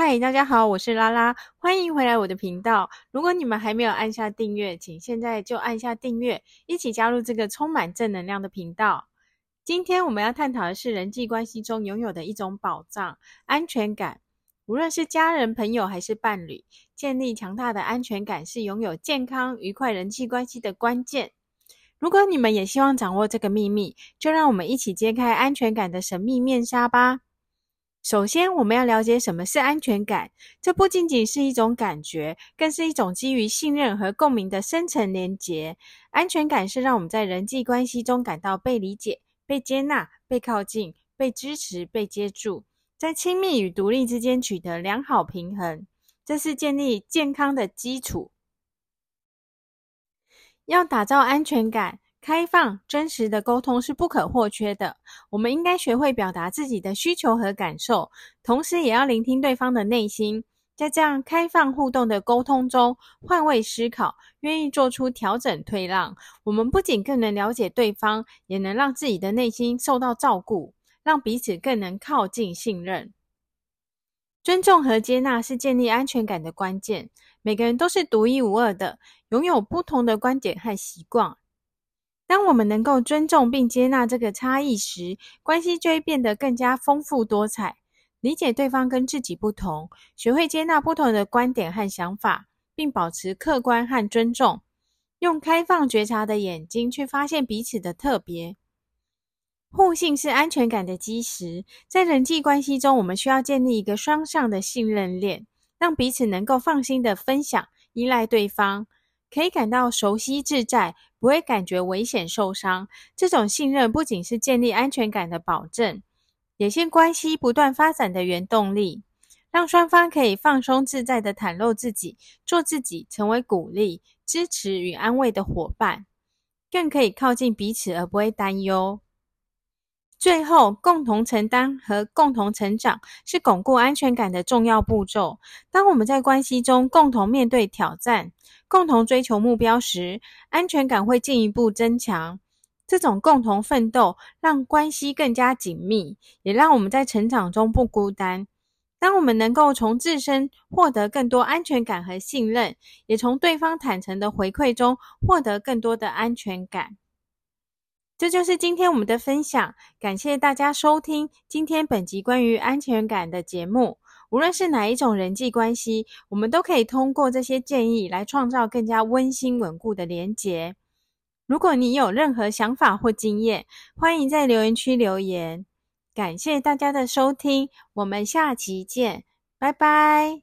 嗨，大家好，我是拉拉，歡迎回來我的頻道。如果你們還沒有按下訂閱，請現在就按下訂閱，一起加入這個充滿正能量的頻道。今天我們要探討的是人際關係中擁有的一種保障——安全感。無論是家人、朋友還是伴侶，建立強大的安全感是擁有健康、愉快人際關係的關鍵。如果你們也希望掌握這個秘密，就讓我們一起揭開安全感的神秘面紗吧。首先，我們要了解什麼是安全感。這不僅僅是一種感覺，更是一種基於信任和共鳴的深層連接。安全感是讓我們在人際關係中感到被理解、被接納、被靠近、被支持、被接住，在親密與獨立之間取得良好平衡。這是建立健康的基礎。要打造安全感。開放、真實的溝通是不可或缺的。我們應該學會表達自己的需求和感受，同時也要聆聽對方的內心。在這樣開放互動的溝通中，換位思考，願意做出調整、退讓。我們不僅更能了解對方，也能讓自己的內心受到照顧，讓彼此更能靠近、信任。尊重和接納是建立安全感的關鍵。每個人都是獨一無二的，擁有不同的觀點和習慣。當我們能夠尊重並接納這個差異時，關係就會變得更加豐富多彩。理解對方跟自己不同，學會接納不同的觀點和想法，並保持客觀和尊重。用開放覺察的眼睛去發現彼此的特別。互信是安全感的基石，在人際關係中，我們需要建立一個雙向的信任鏈，讓彼此能夠放心的分享、依賴對方，可以感到熟悉自在。不會感覺危險受傷，這種信任不僅是建立安全感的保證，也是關係不斷發展的原動力，讓雙方可以放鬆自在地袒露自己，做自己，成為鼓勵、支持與安慰的夥伴，更可以靠近彼此而不會擔憂。最後，共同承擔和共同成長是鞏固安全感的重要步驟。當我們在關係中共同面對挑戰、共同追求目標時，安全感會進一步增強。這種共同奮鬥讓關係更加緊密，也讓我們在成長中不孤單。當我們能夠從自身獲得更多安全感和信任，也從對方坦誠的回饋中獲得更多的安全感。這就是今天我們的分享，感謝大家收聽今天本集關於安全感的節目。無論是哪一種人際關係，我們都可以通過這些建議來創造更加溫馨穩固的連結。如果你有任何想法或經驗，歡迎在留言區留言。感謝大家的收聽，我們下期見，拜拜。